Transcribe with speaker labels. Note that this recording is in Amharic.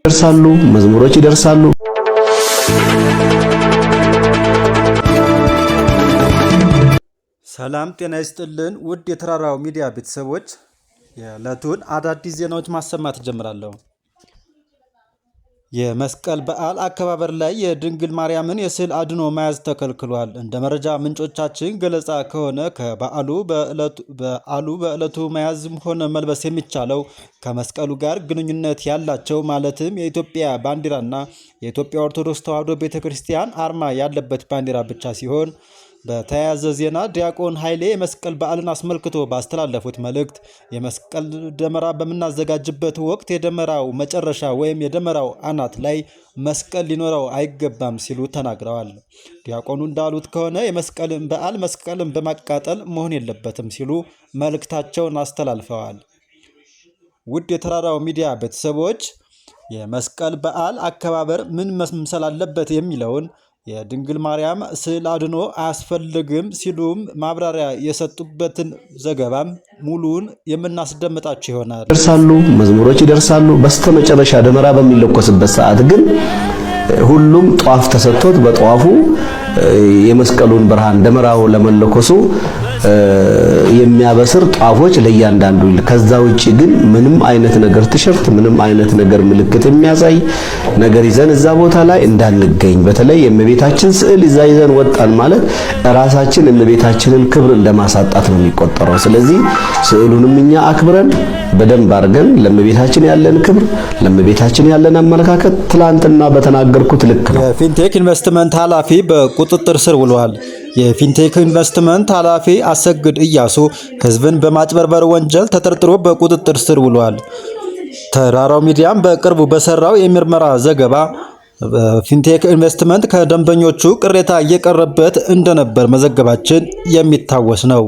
Speaker 1: ይደርሳሉ፣ መዝሙሮች ይደርሳሉ።
Speaker 2: ሰላም ጤና ይስጥልን ውድ የተራራው ሚዲያ ቤተሰቦች፣ የዕለቱን አዳዲስ ዜናዎች ማሰማት ጀምራለሁ። የመስቀል በዓል አከባበር ላይ የድንግል ማርያምን የስዕል አድኖ መያዝ ተከልክሏል። እንደ መረጃ ምንጮቻችን ገለጻ ከሆነ ከበዓሉ በዓሉ በዕለቱ መያዝም ሆነ መልበስ የሚቻለው ከመስቀሉ ጋር ግንኙነት ያላቸው ማለትም የኢትዮጵያ ባንዲራና የኢትዮጵያ ኦርቶዶክስ ተዋሕዶ ቤተ ክርስቲያን አርማ ያለበት ባንዲራ ብቻ ሲሆን በተያያዘ ዜና ዲያቆን ኃይሌ የመስቀል በዓልን አስመልክቶ ባስተላለፉት መልእክት የመስቀል ደመራ በምናዘጋጅበት ወቅት የደመራው መጨረሻ ወይም የደመራው አናት ላይ መስቀል ሊኖረው አይገባም ሲሉ ተናግረዋል። ዲያቆኑ እንዳሉት ከሆነ የመስቀልን በዓል መስቀልን በማቃጠል መሆን የለበትም ሲሉ መልእክታቸውን አስተላልፈዋል። ውድ የተራራው ሚዲያ ቤተሰቦች የመስቀል በዓል አከባበር ምን መምሰል አለበት የሚለውን የድንግል ማርያም ስዕል አድኖ አያስፈልግም ሲሉም ማብራሪያ የሰጡበትን ዘገባም ሙሉውን የምናስደምጣቸው ይሆናል።
Speaker 1: ይደርሳሉ፣ መዝሙሮች ይደርሳሉ። በስተመጨረሻ ደመራ በሚለኮስበት ሰዓት ግን ሁሉም ጧፍ ተሰጥቶት በጧፉ የመስቀሉን ብርሃን ደመራው ለመለኮሱ የሚያበስር ጧፎች ለእያንዳንዱ ይል። ከዛ ውጪ ግን ምንም አይነት ነገር ቲሸርት፣ ምንም አይነት ነገር ምልክት የሚያሳይ ነገር ይዘን እዛ ቦታ ላይ እንዳንገኝ። በተለይ የእመቤታችን ስዕል ይዛ ይዘን ወጣን ማለት ራሳችን የእመቤታችንን ክብር እንደማሳጣት ነው የሚቆጠረው። ስለዚህ ስዕሉንም እኛ አክብረን በደንብ አድርገን ለእመቤታችን ያለን ክብር ለእመቤታችን ያለን አመለካከት ትላንትና በተናገርኩት ልክ
Speaker 2: ነው። የፊንቴክ ኢንቨስትመንት ኃላፊ በቁጥጥር ስር ውሏል። የፊንቴክ ኢንቨስትመንት ኃላፊ አሰግድ እያሱ ህዝብን በማጭበርበር ወንጀል ተጠርጥሮ በቁጥጥር ስር ውሏል። ተራራው ሚዲያም በቅርቡ በሰራው የምርመራ ዘገባ ፊንቴክ ኢንቨስትመንት ከደንበኞቹ ቅሬታ እየቀረበት እንደነበር መዘገባችን የሚታወስ ነው።